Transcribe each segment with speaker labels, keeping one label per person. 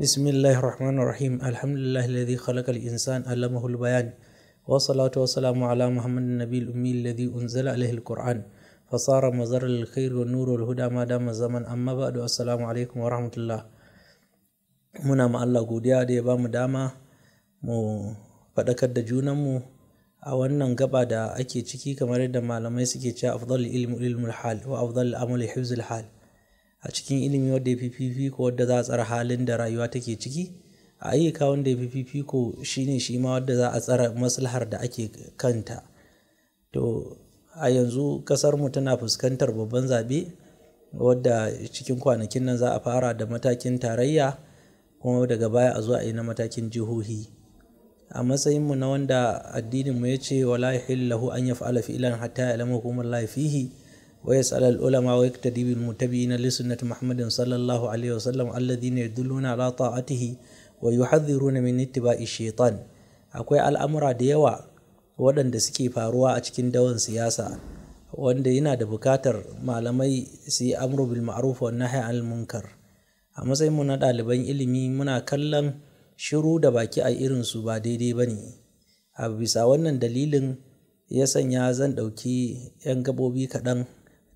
Speaker 1: بسم الله الرحمن الرحيم الحمد لله الذي خلق الإنسان علمه البيان والصلاة والسلام على محمد النبي الأمي الذي أنزل عليه القرآن فصار مزر للخير والنور والهدى ما دام الزمن أما بعد السلام عليكم ورحمة الله muna ma Allah godiya da ya bamu dama mu faɗakar da junanmu a wannan gaba da ake ciki kamar yadda malamai suke cewa afdal ilmu ilmul hal wa afdal amali hifzul hal a cikin ilimi wadda ya fi fifiko wadda za a tsara halin da rayuwa take ciki a ayyuka wanda ya fi fifiko shine shi ma wadda za a tsara maslahar da ake kanta to a yanzu kasarmu tana fuskantar babban zaɓe wadda cikin kwanakin nan za a fara da matakin tarayya kuma daga baya a zuwa a yi na matakin jihohi a matsayinmu na wanda addininmu ya ce wala lahu an yaf'ala fi'lan hatta lamu hukumar lafihi ويسأل العلماء ويقتدي بالمتبعين لسنة محمد صلى الله عليه وسلم الذين يدلون على طاعته ويحذرون من اتباع الشيطان akwai al'amura da yawa waɗanda suke faruwa a cikin dawan siyasa wanda yana da bukatar malamai su yi amru bil ma'ruf wa nahi al munkar a matsayin mu na ɗaliban ilimi muna kallon shiru da baki a irin su ba daidai bane a bisa wannan dalilin ya sanya zan ɗauki 'yan gabobi kaɗan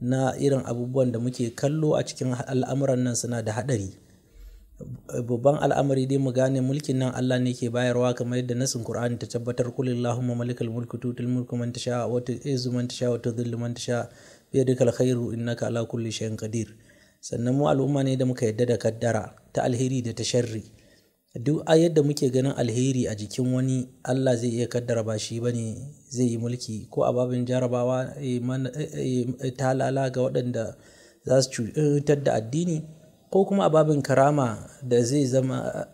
Speaker 1: na irin abubuwan da muke kallo a cikin al'amuran nan suna da haɗari babban al'amari dai mu gane mulkin nan Allah ne ke bayarwa kamar yadda nasin Qur'ani ta tabbatar kul Allahumma malikal mulku tutul mulku man tasha wa tu'izzu man tasha wa tudhillu man tasha bi yadikal khairu innaka ala kulli shay'in qadir sannan mu al'umma ne da muka yadda da kaddara ta alheri da ta sharri duk yadda muke ganin alheri a jikin wani Allah zai iya kaddara ba shi bane zai yi mulki ko a babin jarabawa eh, eh, eh, talala ga waɗanda za su cutar da addini ko kuma a karama da zai zama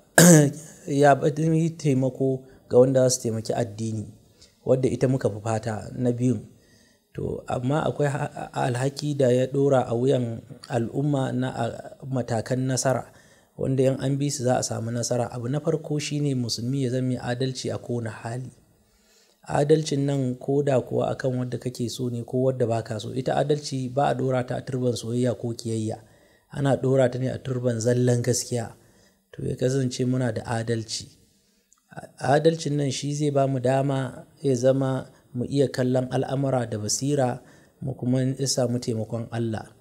Speaker 1: ya yi taimako ga wanda za su taimaki addini wadda ita muka fi fata na biyun to amma akwai alhaki da ya ɗora a wuyan al'umma na matakan nasara wanda yan an bi su za a samu nasara abu na farko shine musulmi ya zama adalci a kowane hali adalcin nan ko da kuwa akan wadda kake so ne ko wadda baka so ita adalci ba a dora ta a turban soyayya ko kiyayya ana dora ta ne a turban zallan gaskiya to ya kasance muna da adalci adalcin nan shi zai ba mu dama ya zama mu iya kallon al'amura da basira mu kuma samu taimakon Allah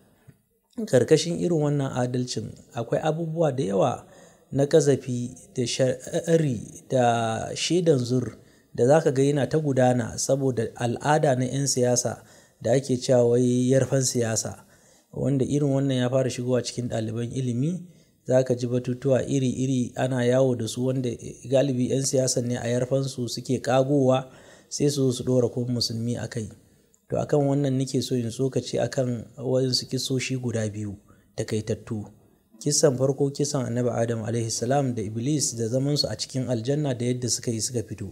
Speaker 1: karkashin irin wannan adalcin akwai abubuwa da yawa na kazafi da shari da shaidan zur da za ka ga yana ta gudana saboda al'ada na 'yan siyasa da ake cewa yarfan siyasa wanda irin wannan ya fara shigowa cikin ɗaliban ilimi za ka ji batutuwa iri-iri ana yawo da su wanda galibi 'yan siyasan ne a yarfansu suke kagowa sai su su ɗora kuma musulmi a kai to akan wannan nake so in tsokaci akan wasu kisoshi guda biyu takaitattu kisan farko kisan annabi adam alaihi salam da iblis da zaman su a cikin aljanna da yadda suka yi suka fito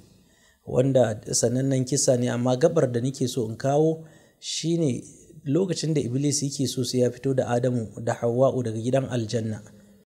Speaker 1: wanda sanannen kisa ne amma gabar da nake so in kawo shine lokacin da iblis yake so sai ya fito da adamu da hawa'u daga gidan aljanna